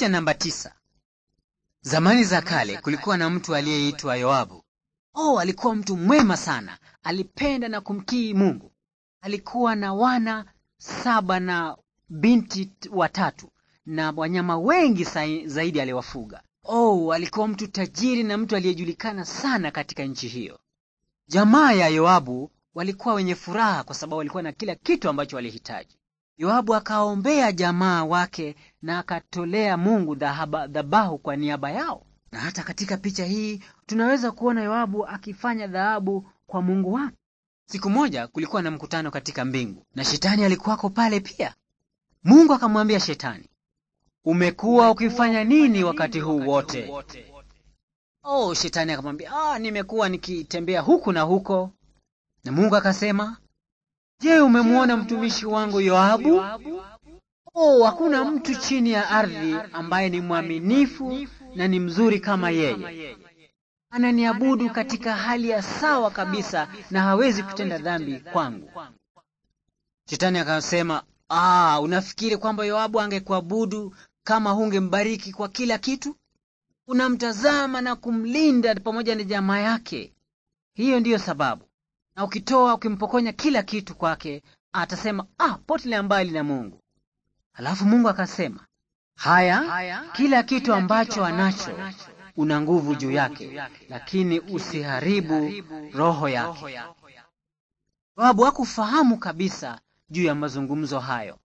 Picha namba tisa. Zamani za kale kulikuwa na mtu aliyeitwa Yoabu. Oh, alikuwa mtu mwema sana, alipenda na kumtii Mungu. Alikuwa na wana saba na binti watatu na wanyama wengi zaidi aliwafuga. Oh, alikuwa mtu tajiri na mtu aliyejulikana sana katika nchi hiyo. Jamaa ya Yoabu walikuwa wenye furaha kwa sababu walikuwa na kila kitu ambacho walihitaji. Yoabu akaombea jamaa wake na akatolea Mungu dhabahu kwa niaba yao. Na hata katika picha hii tunaweza kuona Yoabu akifanya dhahabu kwa Mungu wake. Siku moja kulikuwa na mkutano katika mbingu na shetani alikuwako pale pia. Mungu akamwambia shetani, umekuwa ukifanya nini wakati huu wote? Oh, shetani akamwambia, ah, nimekuwa nikitembea huku na huko. Na Mungu akasema, Je, umemwona mtumishi wangu Yoabu? Oh, hakuna mtu chini ya ardhi ambaye ni mwaminifu na ni mzuri kama yeye. Ananiabudu katika hali ya sawa kabisa na hawezi kutenda dhambi kwangu. Shetani akasema, "Ah, unafikiri kwamba Yoabu angekuabudu kama hungembariki kwa kila kitu? Unamtazama na kumlinda pamoja na jamaa yake. Hiyo ndiyo sababu na ukitoa ukimpokonya kila kitu kwake, atasema ah, potelea mbali na Mungu. Alafu Mungu akasema haya, haya kila kitu ambacho anacho una nguvu juu yake, lakini usiharibu roho yake. Babu hakufahamu kabisa juu ya mazungumzo hayo.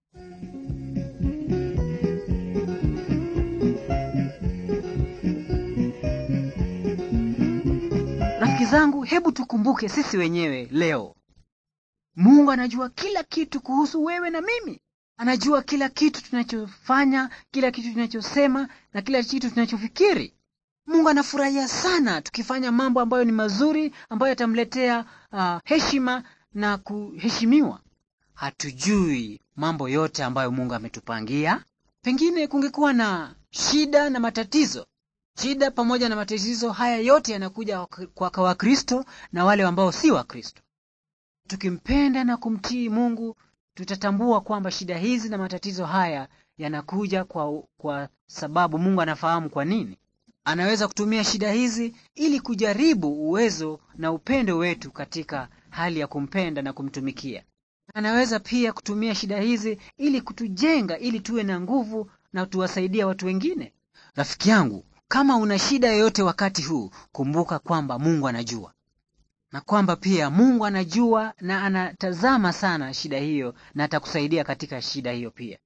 Rafiki zangu, hebu tukumbuke sisi wenyewe leo. Mungu anajua kila kitu kuhusu wewe na mimi. Anajua kila kitu tunachofanya, kila kitu tunachosema na kila kitu tunachofikiri. Mungu anafurahia sana tukifanya mambo ambayo ni mazuri, ambayo yatamletea uh, heshima na kuheshimiwa. Hatujui mambo yote ambayo Mungu ametupangia. Pengine kungekuwa na shida na matatizo, Shida pamoja na matatizo haya yote yanakuja kwa Wakristo na wale ambao si Wakristo. Tukimpenda na kumtii Mungu, tutatambua kwamba shida hizi na matatizo haya yanakuja kwa, kwa sababu Mungu anafahamu kwa nini. Anaweza kutumia shida hizi ili kujaribu uwezo na upendo wetu katika hali ya kumpenda na kumtumikia. Anaweza pia kutumia shida hizi ili kutujenga, ili tuwe na nguvu na tuwasaidia watu wengine. Rafiki yangu, kama una shida yoyote wakati huu, kumbuka kwamba Mungu anajua na kwamba pia Mungu anajua na anatazama sana shida hiyo na atakusaidia katika shida hiyo pia.